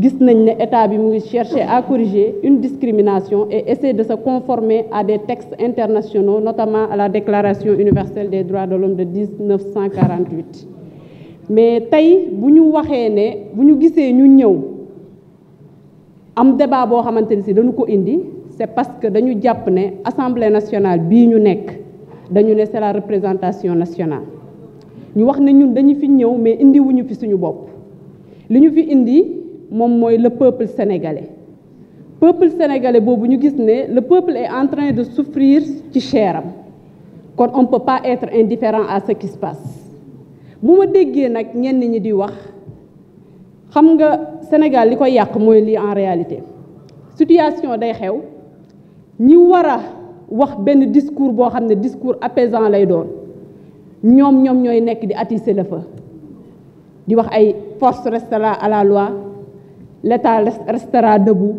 gis nañ ne état bi mu ngi chercher à corriger une discrimination et essayer de sa conformer à des textes internationaux notamment à la déclaration universelle des droits de l'homme de 1948 mais tey bu ñu waxee ne bu ñu gisee ñu ñëw am débat boo xamante ni si dañu ko indi c'est parce que dañu jàpp ne assemblée nationale bii ñu nekk dañu ne c'est représentation nationale ñu wax ne ñun dañu fi ñëw mais indiwuñu fi suñu bopp li ñu fi indi moom mooy le peuple sénégalais peuple sénégalais boobu ñu gis ne le peuple est entrain de souffrir ci am kon on peut pas être indifférent à ce qui se bu ma déggee nag ñenn ñi di wax xam nga Sénégal li koy yàq mooy lii en réalité situation day xew ñi war wax benn discours boo xam ne discours apaisant lay doon ñoom ñoom ñooy nekk di attiser le fa di wax ay force restera à la loi l'état restera debout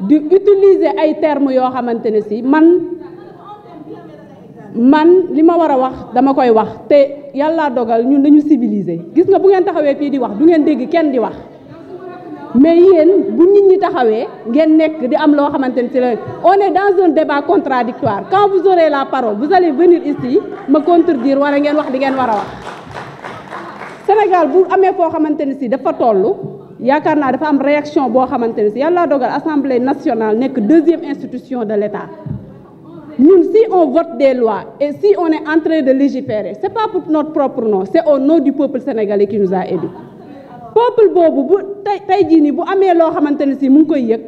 di utiliser ay termes yoo xamante ne si man man li ma war a wax dama koy wax te yàlla dogal ñun dañu civiliser gis nga bu ngeen taxawee fii di wax du ngeen dégg kenn di wax mais yéen bu nit ñi taxawee ngeen nekk di am loo xamante ni ci la on est dans un débat contradictoire quand vous aurez la parole vous allez venir ici ma contredire wala ngeen wax di ngeen war a wax Sénégal bu amee foo xamante ni si dafa toll yaakaar naa dafa am réaction boo xamante ni si yàlla dogal assemblée nationale nekk deuxième institution de l'État ñun si on vote des lois et si on est en train de légiférer c'est pas pour notre propre nom c'est au nom du peuple boobu bu tey tey jii nii bu amee loo xamante ne si mu ngi koy yëg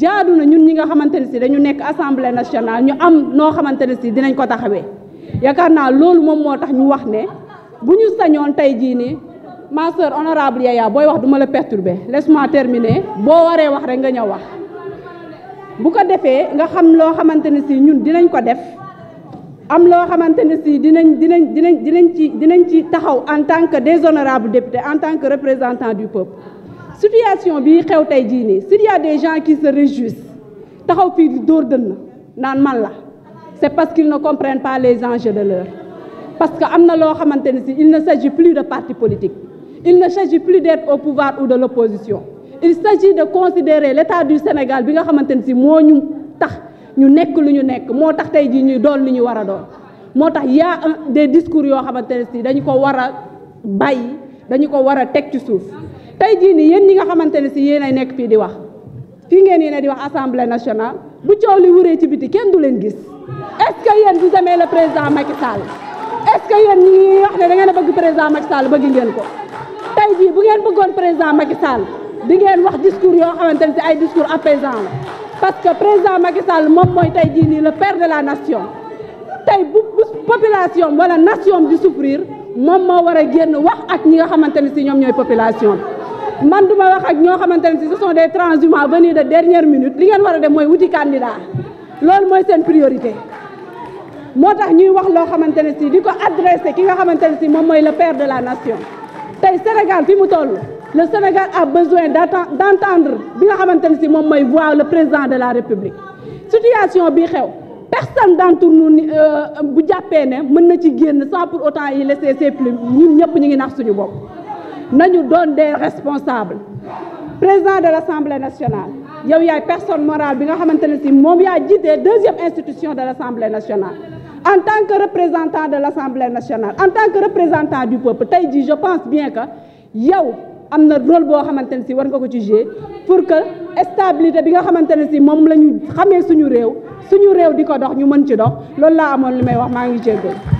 jaadu na ñun ñi nga xamante ne si dañu nekk assemblée nationale ñu am noo xamante ne si dinañ ko taxawee yaakaar naa loolu moom moo tax ñu wax ne bu ñu sañoon tey jii nii ma sœur honorable Yaya booy wax duma la perturber laisse-moi terminer boo waree wax rek nga ñëw wax bu ko defee nga xam loo xamante ne si ñun dinañ ko def am loo xamante ne si dinañ dinañ dinañ dinañ ci dinañ ci taxaw en tant que des honorables députés en tant que représentant du peuple situation bi xew tey jii nii s'il des gens qui se réjouissent taxaw fii di de dënn naan man la c'est parce qu'ils ne comprennent pas les enjeux de l'heure parce que am na loo xamante ne si il ne sagi plus de parti politique il ne sagi plus d'être au pouvoir ou de l'opposition il s'agit de considérer l'état du Sénégal bi nga xamante ne si moo ñu ñu nekk lu ñu nekk moo tax tey jii ñuy doon lu ñu war a doon moo tax y a des discours yoo xamante ne si dañu ko war a bàyyi dañu ko war a teg ci suuf tey jii nii yéen ñi nga xamante ne si yéen ay nekk fii di wax fii ngeen yéen di wax assemblée nationale bu coow li wuree ci biti kenn du leen gis est-ce que yéen vous le président Macky Sall est-ce que yéen ñi ngi wax ne da ngeen a bëgg président Macky Sall bëgg ngeen ko tey jii bu ngeen bëggoon président Macky Sall di ngeen wax discours yoo xamante ne si ay discours apaisant parce que président Macky Sall moom mooy tey jii nii le père de la nation tey bu population wala nation di souffrir moom moo war a génn wax ak ñi nga xamante ne si ñoom ñooy population bi man duma wax ak ñoo xamante ne si ce sont des transhumants venus de dernière minute li ngeen war a dem mooy wuti candidat loolu mooy seen priorité moo tax ñuy wax loo xamante ne si di ko adressé ki nga xamante ne si moom mooy le père de la nation tey Sénégal fi mu toll le Sénégal a besoin d'entendre bi nga xamante ne si moom may voir le président de la République situation bi xew personne d'entre nous euh, bu jàppee ne mën na ci génn sans pour autant yi laisser ses plumes ñun ñëpp ñu ngi nax suñu bopp nañu doon des responsables président de l'Assemblée nationale yow yaay personne morale bi nga xamante ne si moom yaa jiite deuxième institution de l'Assemblée nationale en tant que représentant de l'Assemblée nationale en tant que représentant du peuple tey jii je pense bien que yow am na rôle boo xamante ne si war nga ko ci jouer pour que stabilité bi nga xamante ne si moom la ñu xamee suñu réew suñu réew di ko dox ñu mën ci dox loolu laa amoon li may wax maa ngi jéggoo